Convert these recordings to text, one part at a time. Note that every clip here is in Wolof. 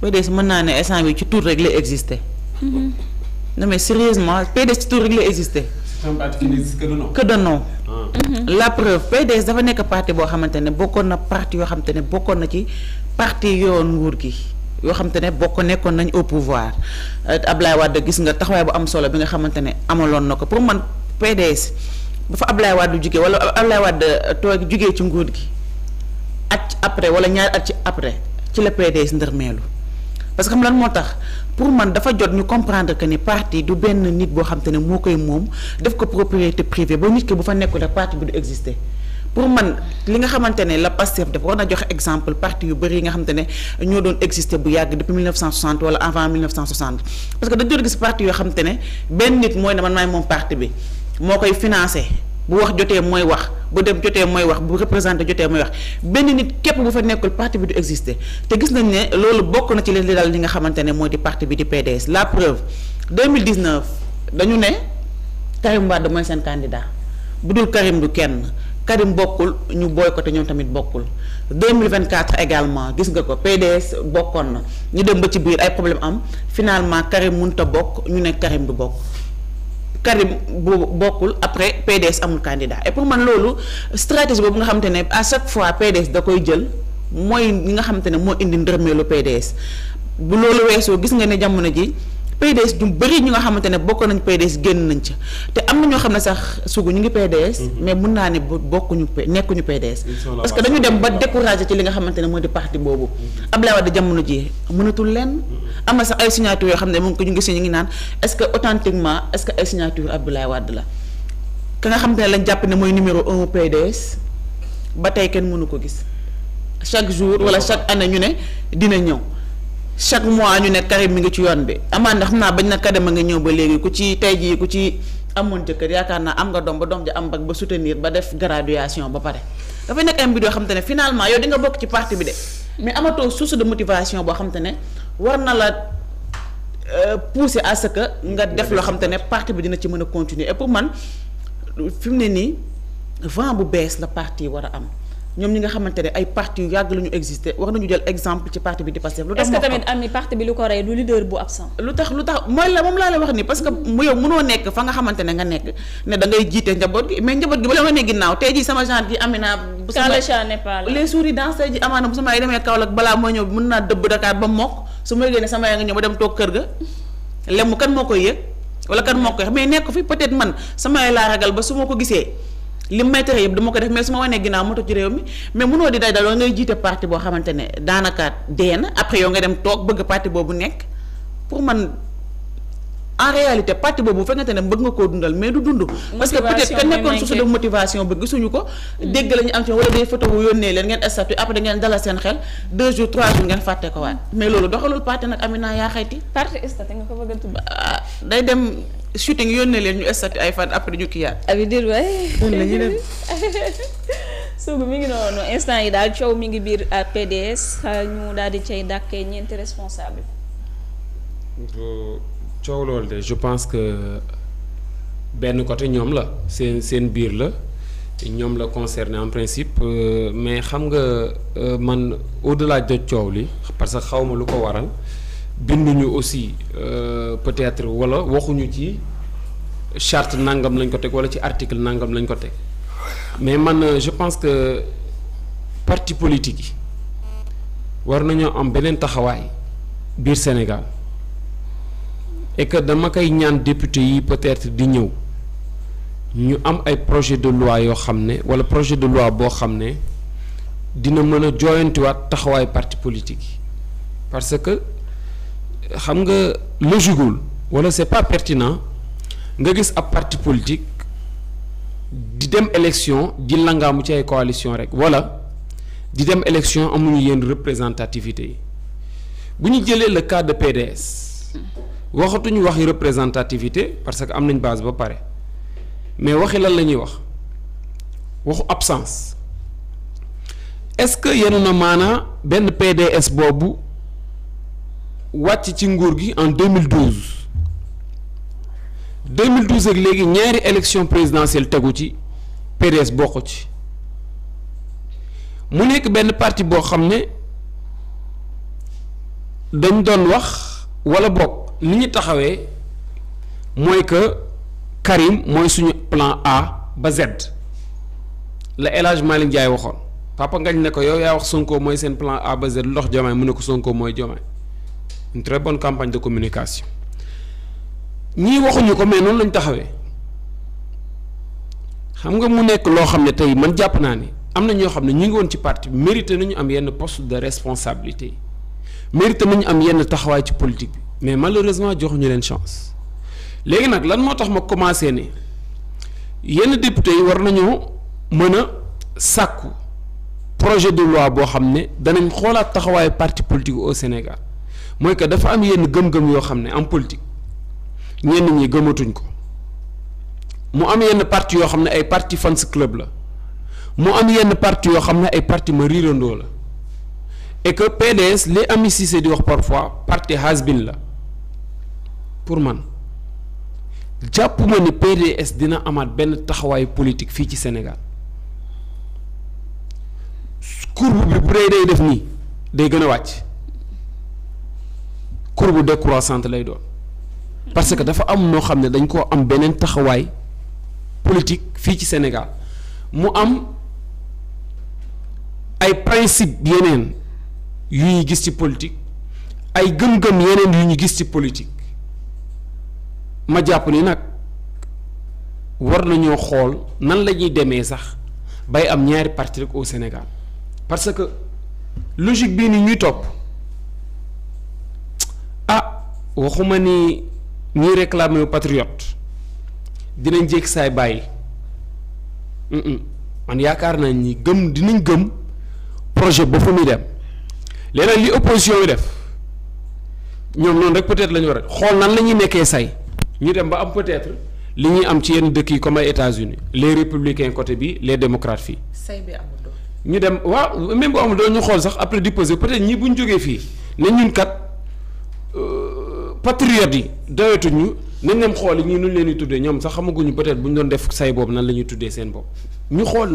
PDS mhm. mën naa ne instant bi ci tur rek la existé. Mhm. non mais sérieusement PDS ci tur rek la existé. que de nom ah. mhm. la preuve PDS dafa nekk parti boo xamante ne bokkoon na parti yoo xamante ne bokkoon na ci parti yoon nguur gi yoo xamante ne bokk nekkoon nañ au pouvoir euh, Ablaye Wade gis nga taxawaay bu am solo bi nga xamante ne amaloon na ko pour man PDS ba fa Ablaye Wade jugee wala Ablaye Wade euh, toog jugee ci nguur gi at après wala ñaari at ci après. ci la PDS ndërmeelu parce que xam lan moo tax pour man dafa jot ñu comprendre que ni parti du benn nit boo xam ne moo koy moom def ko propriété privée ba nit ki bu fa nekkul rek parti bi du exister pour man li nga xamante ne la Pastef def war na joxe exemple parti yu bëri yi nga xamante ne ñoo doon exister bu yàgg depuis 1960 wala avant 1960 parce que dañu doon gis parti yoo xamante ne benn nit mooy ne man maay moom parti bi moo koy financé. bu wax jotee mooy wax bu dem jotee mooy wax bu représenté jotee mooy wax benn nit képp bu fa nekkul parti bi du exister te gis nañ ne loolu bokk na ci leen li daal li nga xamante ne mooy di parti bi di PDS la preuve 2019 dañu ne Karim Wade mooy seen candidat bu dul Karim du kenn Karim bokkul ñu boycotté ñoom tamit bokkul mille vingt 2024 également gis nga ko PDS bokkoon na ñu dem ba ci biir ay problème am finalement Karim mënut a bokk ñu ne Karim du bokk Karim boobu bokkul après PDS amul candidat et pour man loolu stratégie boobu nga xamante ne à chaque fois PDS da koy jël mooy li nga xamante ne moo indi ndërmeelu PDS bu loolu weesoo gis nga ne jamono ji PDS du bëri ñu nga xamante ne bokk nañ PDS génn nañ ca te am na ñoo xam ne sax sugu ñu ngi PDS. Mhm. mais mun naa ne bokkuñu nekkuñu PDS. parce que dañu dem ba découragé ci li nga xamante ne moo di parti boobu. Mhm. Abdoulaye Wade jamono ji mënatul lenn. Mhm. am na sax ay signature yoo xam ne moom ko ñu ngi si ñu ngi naan est-ce que authentiquement est-ce que ay signature Abdoulaye Wade la ka nga xamante ne lañ jàpp ne mooy numéro un PDS ba tey kenn mënu ko gis chaque jour wala chaque année ñu ne dina ñëw. chaque mois ñu ne Karim mi ngi ci yoon bi amaan na xam naa bañ na a nga ñëw ba léegi ku ci tey jii ku ci amoon jëkkër yaakaar naa am nga doom ba doom ja am bac ba soutenir ba def graduation ba pare dafay nekk ay mbir yoo xam te ne finalement yow di nga bokk ci parti bi de mais amatoo source de motivation boo xam ne war na la euh, pousser à ce que nga def loo xam ne parti bi dina ci mën a continuer et man fi mu ne nii vent bu bees la parti war a am ñoom ñi nga xamante ne ay parti yu yàgg la ñu existé nañu jël exemple ci parti bi di Pastef lu tax est-ce que tamit am ni parti bi lu ko rey du leader bu absent lu tax lu tax mooy la moom laa la wax ni parce mu yow mënoo nekk fa nga xamante ne nga nekk ne da ngay jiite njaboot gi mais njaboot gi tey jii sama genre gi Amina bu sama les souris dans tey ji amaana balaa mooy ñëw mën naa dëbb Dakar ba mokk su ma yëgee ne sama yaa nga ñëw ba dem toog kër ga lemu kan moo koy yëg wala kan moo koy mais nekk fi peut-être man sama ay ba su ma ko gisee li mu may tere yëpp dama ko def mais su ma wanee ginnaaw ma toog ci réew mi mais munoo di day dal wala ngay jiite parti boo xamante boobu nekk pour man en réalité parti boobu bu fekkente ne bëgg nga koo dundal mais du dund. parce que peut-être que nekkoon source de motivation bi gisuñu ko. Mm. dégg la am ci wala day photo wu yónnee leen ngeen statut après da ngeen dalal seen xel deux jours trois jours ngeen fàtte ko waat mais loolu doxalul parti nag Amina yaa xayti. parti day dem shooting yónnee leen ñu estati ay fan après ñu kiyaat. Abidou waay. la ñuy def. sugu ngi noonu instant yi daal coow mi ngi biir PDS ñu daal di cay dàkkee ñeenti responsable. coow loolu de je pense que benn côté ñoom la seen seen biir la ñoom la concerné en principe euh, mais xam nga euh, man au-delà jot coow li parce que xaw ma lu ko waral. binduñu aussi euh, peut-être wala waxuñu ci charte nangam lañ ko teg wala ci article nangam lañ ko teg mais man euh, je pense que parti politique yi war nañoo am beneen taxawaay biir Sénégal et que dama koy ñaan député yi peut-être di ñëw ñu am ay projet de loi yoo xam ne wala projet de loi boo xam ne dina mën a jooyantiwaat taxawaay parti politique yi parce que xam nga logigul wala c'est pas pertinent nga gis ab parti politique di dem élection di langaamu ci ay coalition rek wala di dem élection amuñu yenn représentativité yi bu ñu jëlee le cas de PDS waxatuñu waxi représentativité parce que am nañ base ba pare mais waxi lan la ñuy wax waxu absence est-ce que yenu na maanaa benn PDS boobu wàcc ci nguur gi en 2012 2012 ak léegi ñaari élection présidentielle tegu ci PDS bokk ci mu nekk benn parti boo xam ne dañ doon wax walla bokk ni ñu taxawee mooy que Karim mooy suñu plan A ba Z la El Hadj Malick waxoon papa ngañ ne ko yow yaa wax Sonko mooy seen plan A ba Z lu dox Diomaye mu ne ko Sonko mooy Diomaye une bon bonne campagne de communication ñii waxuñu ko mais noonu lañ taxawee xam nga mu nekk loo xam ne tey man jàpp naa ne am na ñoo xam ne ñu ngi woon ci parti bi mérité nañu am yenn poste de responsabilité mérité nañu am yenn taxawaay ci politique bi mais malheureusement joxuñu leen chance léegi nag lan moo tax ma commencé ne yenn député yi war nañoo mën a sàkku projet de loi boo xam ne danañ xoolaat taxawaayu parti politique au Sénégal mooy que dafa am yenn gëm-gëm yoo xam ne am politique ñenn ñi gëmatuñ ko mu am yenn parti yoo xam ne ay parti fans club la mu am yenn parti yoo xam ne ay parti ma riirandoo la et que PDS li Ami Cissé di wax parfois parti has-been la pour man jàpp ni PDS dina amaat benn taxawaayu politique fii ci senegal courbe bi bu dee day def nii day gën a wàcc bu de courbe décroissante lay doon parce que dafa am noo xam ne dañ koo am beneen taxawaay politique fii ci Sénégal mu am ay principe yeneen yu ñuy gis ci politique ay gën gën yeneen yu ñu gis ci politique ma jàpp ni nag war nañoo xool nan la ñuy demee sax bay am ñaari parti rek au Sénégal parce que logique bii ni ñuy topp ah waxuma ni ñuy réclamer wu patriote dinañ jékki saay bàyyi man yaakaar naa ñi gëm dinañ gëm projet ba muy dem léeg li opposition yi def ñoom noonu rek peut-être la ñu war a xool nan la ñuy nekkee say ñu dem ba am peut-être li ñuy am ci yenn dëkk yi comme ay États-Unis les républicains côté bi les démocrates fii. say bi amul doon ñu dem waaw même bu amul ñu xool sax après di poser peut-être ñi bu ñu jógee fii ne ñun kat. patriotes yi doyatuñu nañ dem xool ñii nu leen di tuddee ñoom sax xamaguñu peut-être bu ñu doon def say boobu na la ñuy tuddee seen bopp ñu xool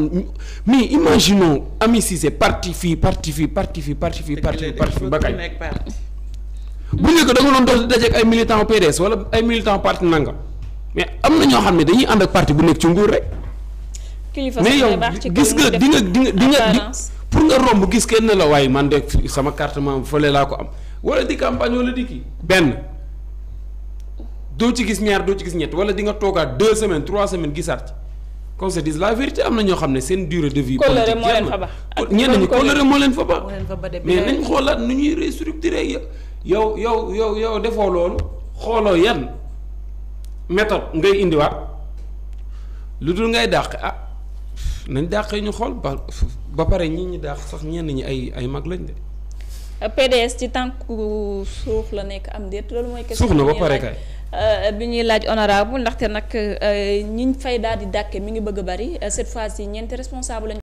mais imaginons Ami Cissé parti fii parti fii parti fii parti fii parti fii parti ba kañ bu njëkk da nga doon dox dajeek ay militants PDS wala ay militants parti nangam mais am na ñoo xam ne dañuy ànd ak parti bu nekk ci nguur rek. mais yow gis nga di nga di nga di nga pour nga romb gis kenn la waaye man de sama carte membre fële laa ko am wala di campagne wala di kii benn. doo ci gis ñaar doo ci gis ñett wala di nga toogaat deux semaines trois semaines gisaat ci qu'on se dise la vérité am na ñoo xam ne seen durée de vie. politique jeex na moo leen fa ba. mais nañ xoolaat nu ñuy restructurer yow yow yow yow defoo loolu xooloo yan méthode ngay indiwaat lu dul ngay dàq ah nañ dàq ñu xool ba ba pare ñi ñu dàq sax ñenn ñi ay ay mag lañ de. Euh, PDS ci tànku suux la nekk am déet loolu mooy. question suux na ba pare kay. Euh, bi ñuy laaj honorable ndaxte nag euh, ñiñ fay daal di dàkke mi ngi bëgg a bari euh, cette fois ci ñeenti responsable lañ